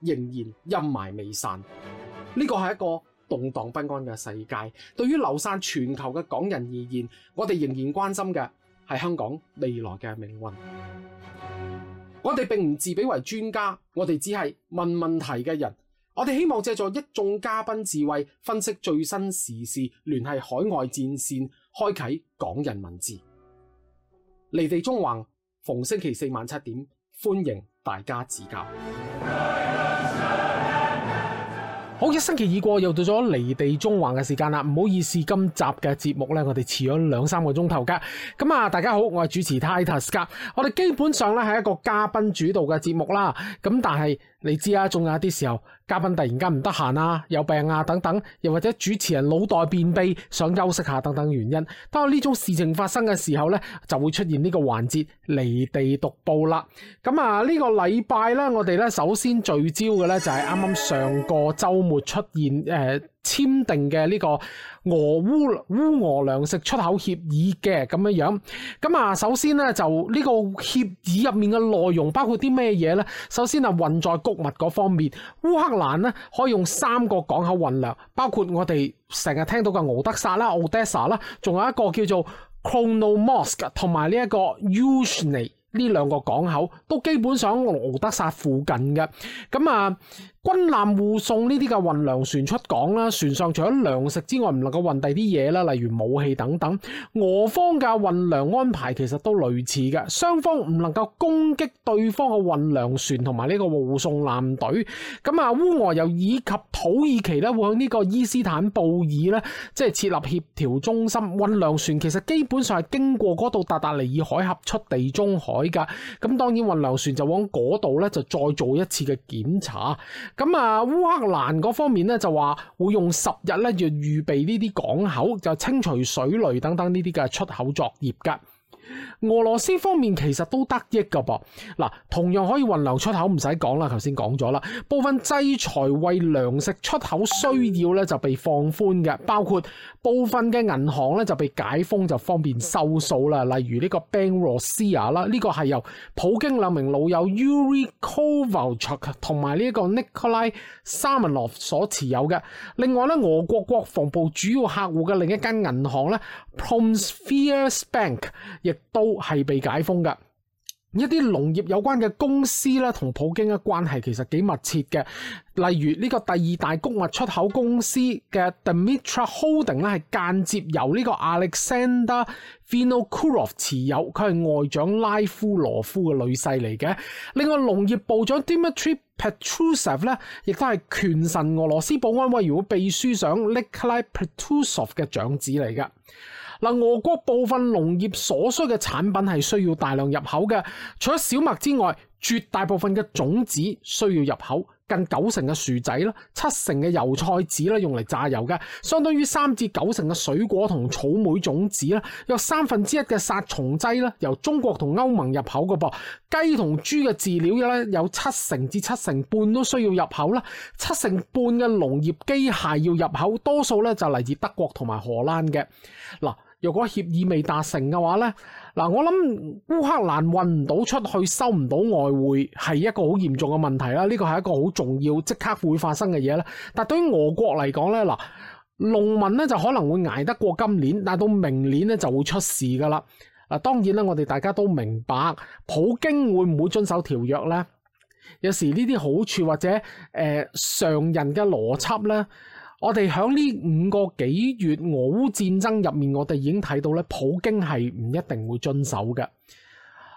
仍然陰霾未散，呢個係一個動盪不安嘅世界。對於流散全球嘅港人而言，我哋仍然關心嘅係香港未來嘅命運。我哋並唔自比為專家，我哋只係問問題嘅人。我哋希望借助一眾嘉賓智慧，分析最新時事，聯繫海外戰線，開啓港人文字。離地縱橫，逢星期四晚七點，歡迎大家指教。好，一星期已過，又到咗離地縱橫嘅時間啦。唔好意思，今集嘅節目呢，我哋遲咗兩三個鐘頭㗎。咁啊，大家好，我係主持 Titus 㗎。我哋基本上呢係一個嘉賓主導嘅節目啦。咁但係。你知啊，仲有啲時候嘉賓突然間唔得閒啊，有病啊等等，又或者主持人腦袋便秘想休息下等等原因，當呢種事情發生嘅時候呢，就會出現呢個環節離地讀報啦。咁啊，呢、個禮拜呢，我哋呢首先聚焦嘅呢，就係啱啱上個周末出現誒。呃簽訂嘅呢個俄烏烏俄糧食出口協議嘅咁樣樣，咁啊首先呢，就呢個協議入面嘅內容包括啲咩嘢呢？首先啊運載谷物嗰方面，烏克蘭呢可以用三個港口運糧，包括我哋成日聽到嘅敖德薩啦、Odessa 啦，仲有一個叫做 Chornomorsk 同埋呢一個 Yuzhne 呢兩個港口，都基本上喺敖德薩附近嘅，咁啊。軍艦護送呢啲嘅運糧船出港啦，船上除咗糧食之外，唔能夠運第啲嘢啦，例如武器等等。俄方嘅運糧安排其實都類似嘅，雙方唔能夠攻擊對方嘅運糧船同埋呢個護送艦隊。咁啊，烏俄又以及土耳其咧，會喺呢個伊斯坦布爾呢，即係設立協調中心。運糧船其實基本上係經過嗰度達達尼爾海峽出地中海噶，咁當然運糧船就往嗰度咧，就再做一次嘅檢查。咁啊，烏克蘭嗰方面咧就話會用十日咧，要預備呢啲港口，就清除水雷等等呢啲嘅出口作業㗎。俄羅斯方面其實都得益噶噃。嗱，同樣可以運流出口，唔使講啦，頭先講咗啦，部分制裁為糧食出口需要咧就被放寬嘅，包括部分嘅銀行咧就被解封，就方便收數啦，例如呢個 Bank Rossiya 啦，呢個係由普京兩名老友 Yuri Kovalchuk 同埋呢個 Nikolai Samanov 所持有嘅。另外咧，俄國國防部主要客戶嘅另一間銀行咧，Promspheres Bank 亦。都係被解封嘅一啲農業有關嘅公司咧，同普京嘅關係其實幾密切嘅。例如呢個第二大穀物出口公司嘅 Dmitra Holding 咧，係間接由呢個 Alexander Vinokurov 持有，佢係外長拉夫羅夫嘅女婿嚟嘅。另外農業部長 Dmitry Petrushev 咧，亦都係權臣俄羅斯保安委員會秘書長 Nikolai Petrushev 嘅長子嚟嘅。嗱，俄國部分農業所需嘅產品係需要大量入口嘅。除咗小麥之外，絕大部分嘅種子需要入口，近九成嘅薯仔啦，七成嘅油菜籽啦用嚟榨油嘅，相當於三至九成嘅水果同草莓種子啦。有三分之一嘅殺蟲劑啦由中國同歐盟入口嘅噃。雞同豬嘅飼料咧，有七成至七成半都需要入口啦。七成半嘅農業機械要入口，多數咧就嚟自德國同埋荷蘭嘅嗱。如果協議未達成嘅話呢嗱，我諗烏克蘭運唔到出去，收唔到外匯，係一個好嚴重嘅問題啦。呢個係一個好重要即刻會發生嘅嘢咧。但對於俄國嚟講呢嗱，農民呢就可能會捱得過今年，但到明年呢就會出事噶啦。嗱，當然啦，我哋大家都明白，普京會唔會遵守條約呢？有時呢啲好處或者誒、呃、常人嘅邏輯呢。我哋喺呢五個幾月俄烏戰爭入面，我哋已經睇到咧，普京係唔一定會遵守嘅。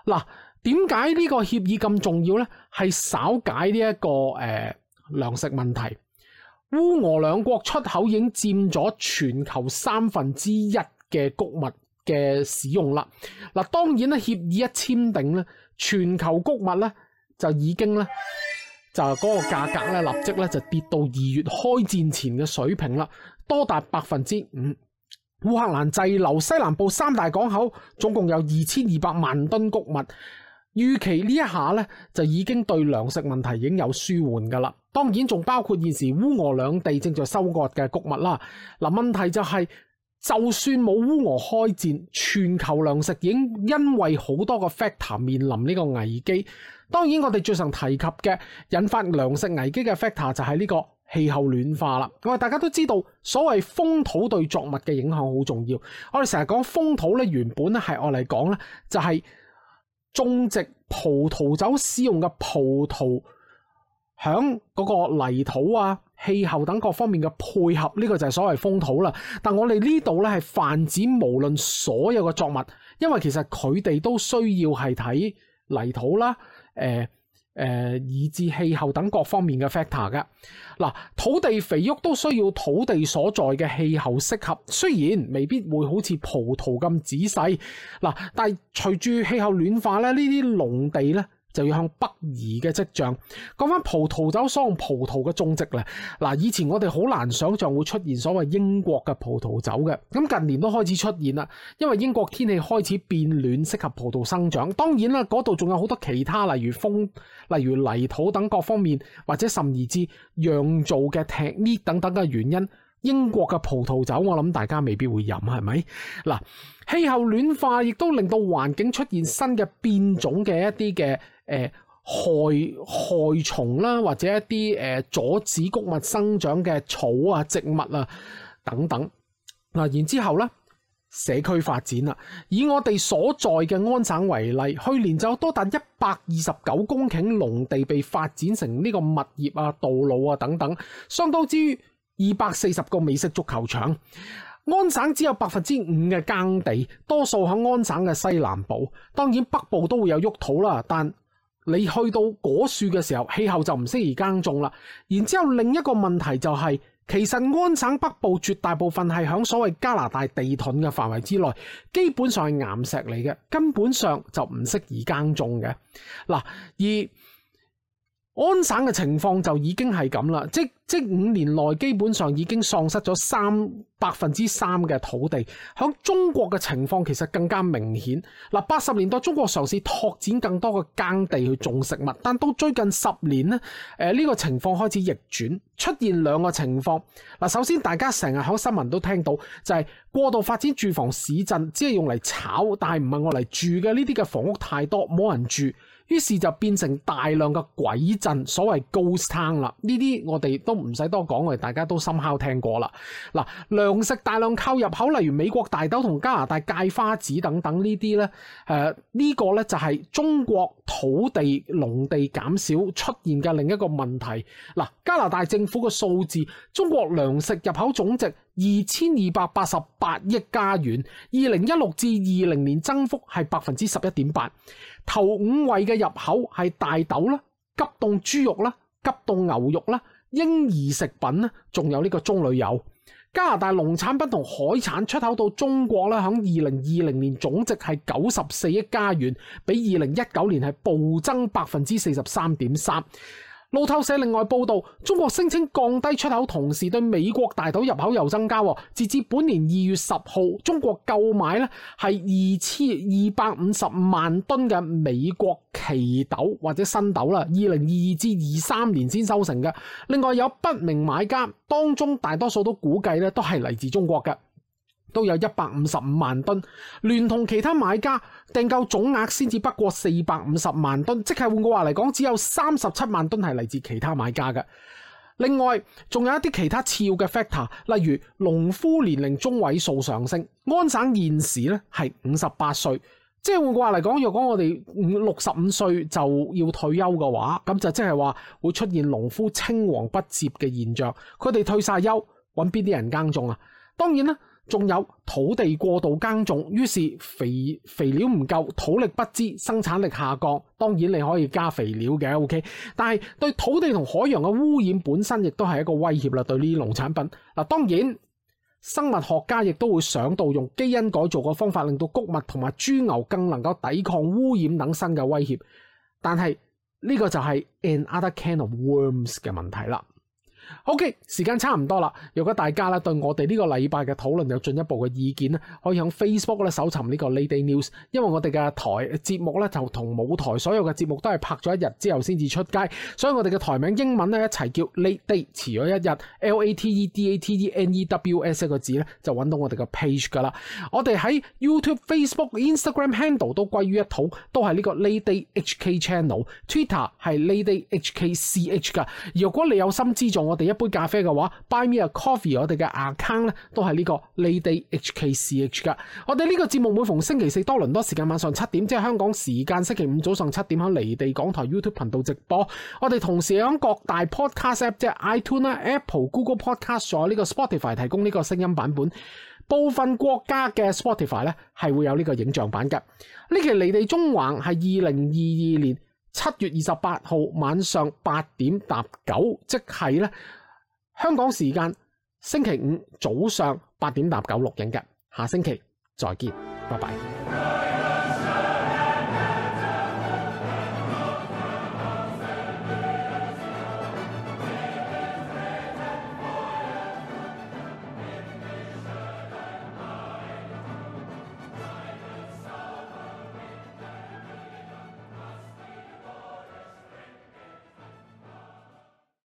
嗱、啊，點解呢個協議咁重要呢？係紓解呢一個誒、呃、糧食問題。烏俄兩國出口已經佔咗全球三分之一嘅谷物嘅使用啦。嗱、啊，當然咧，協議一簽訂咧，全球谷物咧就已經咧。就嗰個價格咧，立即咧就跌到二月開戰前嘅水平啦，多達百分之五。烏克蘭滯留西南部三大港口總共有二千二百萬噸谷物，預期一呢一下呢就已經對糧食問題已經有舒緩噶啦。當然仲包括現時烏俄兩地正在收割嘅谷物啦。嗱、啊，問題就係、是。就算冇烏俄開戰，全球糧食已經因為好多個 factor 面臨呢個危機。當然，我哋最常提及嘅引發糧食危機嘅 factor 就係呢個氣候暖化啦。大家都知道，所謂風土對作物嘅影響好重要。我哋成日講風土咧，原本咧係我嚟講咧，就係種植葡萄酒使用嘅葡萄響嗰個泥土啊，氣候等各方面嘅配合，呢個就係所謂風土啦。但我哋呢度呢係泛指，無論所有嘅作物，因為其實佢哋都需要係睇泥土啦、呃呃，以至氣候等各方面嘅 factor 㗎。嗱，土地肥沃都需要土地所在嘅氣候適合，雖然未必會好似葡萄咁仔細。嗱，但係隨住氣候暖化咧，呢啲農地呢，就要向北移嘅跡象，講翻葡萄酒所用葡萄嘅種植咧。嗱，以前我哋好難想象會出現所謂英國嘅葡萄酒嘅，咁近年都開始出現啦。因為英國天氣開始變暖，適合葡萄生長。當然啦，嗰度仲有好多其他，例如風、例如泥土等各方面，或者甚至釀造嘅技術等等嘅原因。英國嘅葡萄酒，我諗大家未必會飲，係咪？嗱，氣候暖化亦都令到環境出現新嘅變種嘅一啲嘅。誒、呃，害害蟲啦，或者一啲誒、呃、阻止谷物生長嘅草啊、植物啊等等。嗱，然之後呢社區發展啦，以我哋所在嘅安省為例，去年就有多達一百二十九公頃農地被發展成呢個物業啊、道路啊等等，相當之於二百四十個美式足球場。安省只有百分之五嘅耕地，多數喺安省嘅西南部，當然北部都會有沃土啦，但。你去到果樹嘅時候，氣候就唔適宜耕種啦。然之後另一個問題就係，其實安省北部絕大部分係喺所謂加拿大地盾嘅範圍之內，基本上係岩石嚟嘅，根本上就唔適宜耕種嘅。嗱，而安省嘅情況就已經係咁啦，即即五年內基本上已經喪失咗三百分之三嘅土地，喺中國嘅情況其實更加明顯。嗱，八十年代中國嘗試拓展更多嘅耕地去種食物，但到最近十年呢，誒呢個情況開始逆轉，出現兩個情況。嗱，首先大家成日喺新聞都聽到就係過度發展住房市鎮，只係用嚟炒，但係唔係我嚟住嘅呢啲嘅房屋太多，冇人住，於是就變成大量嘅鬼鎮，所謂 ghost town 啦。呢啲我哋都。唔使多講，我哋大家都深敲聽過啦。嗱，糧食大量靠入口，例如美國大豆同加拿大芥花籽等等呢啲呢，誒、呃、呢、呢個呢，就係中國土地農地減少出現嘅另一個問題。嗱，加拿大政府嘅數字，中國糧食入口總值二千二百八十八億加元，二零一六至二零年增幅係百分之十一點八。頭五位嘅入口係大豆啦、急凍豬肉啦、急凍牛肉啦。嬰兒食品咧，仲有呢個棕櫚油。加拿大農產品同海產出口到中國咧，喺二零二零年總值係九十四億加元，比二零一九年係暴增百分之四十三點三。路透社另外報道，中國聲稱降低出口，同時對美國大豆入口又增加。截至本年二月十號，中國購買呢係二千二百五十萬噸嘅美國奇豆或者新豆啦，二零二二至二三年先收成嘅。另外有不明買家，當中大多數都估計呢都係嚟自中國嘅。都有一百五十五萬噸，聯同其他買家訂購總額先至不過四百五十萬噸，即係換句話嚟講，只有三十七萬噸係嚟自其他買家嘅。另外，仲有一啲其他次要嘅 factor，例如農夫年齡中位數上升，安省現時咧係五十八歲，即係換句話嚟講，若果我哋六十五歲就要退休嘅話，咁就即係話會出現農夫青黃不接嘅現象，佢哋退晒休揾邊啲人耕種啊？當然啦。仲有土地過度耕種，於是肥肥料唔夠，土力不支，生產力下降。當然你可以加肥料嘅，OK？但係對土地同海洋嘅污染本身，亦都係一個威脅啦。對呢啲農產品嗱，當然生物學家亦都會想到用基因改造嘅方法，令到穀物同埋豬牛更能夠抵抗污染等新嘅威脅。但係呢、呢個就係 another can of worms 嘅問題啦。O.K. 時間差唔多啦。如果大家咧對我哋呢個禮拜嘅討論有進一步嘅意見咧，可以喺 Facebook 咧搜尋呢個 Late Date News。因為我哋嘅台節目咧就同舞台所有嘅節目都係拍咗一日之後先至出街，所以我哋嘅台名英文咧一齊叫 Late Date，遲咗一日 L A T E D A T E、N E W S 呢個字咧就揾到我哋嘅 page 㗎啦。我哋喺 YouTube、Facebook、Instagram handle 都歸於一套，都係呢個 Late Date H K Channel Twitter HK CH。Twitter 係 Late Date H K C H 噶。如果你有心資助，我哋一杯咖啡嘅話，buy me a coffee 我。我哋嘅 account 咧都係呢個離地 HKCH 嘅。我哋呢個節目每逢星期四多倫多時間晚上七點，即係香港時間星期五早上七點喺離地港台 YouTube 頻道直播。我哋同時喺各大 podcast app，即係 iTunes、Apple、Google Podcast 所有呢個 Spotify 提供呢個聲音版本。部分國家嘅 Spotify 咧係會有呢個影像版嘅。呢期離地縱橫係二零二二年，七月二十八號晚上八點搭九，即係咧香港時間星期五早上八點搭九錄影嘅，下星期再見，拜拜。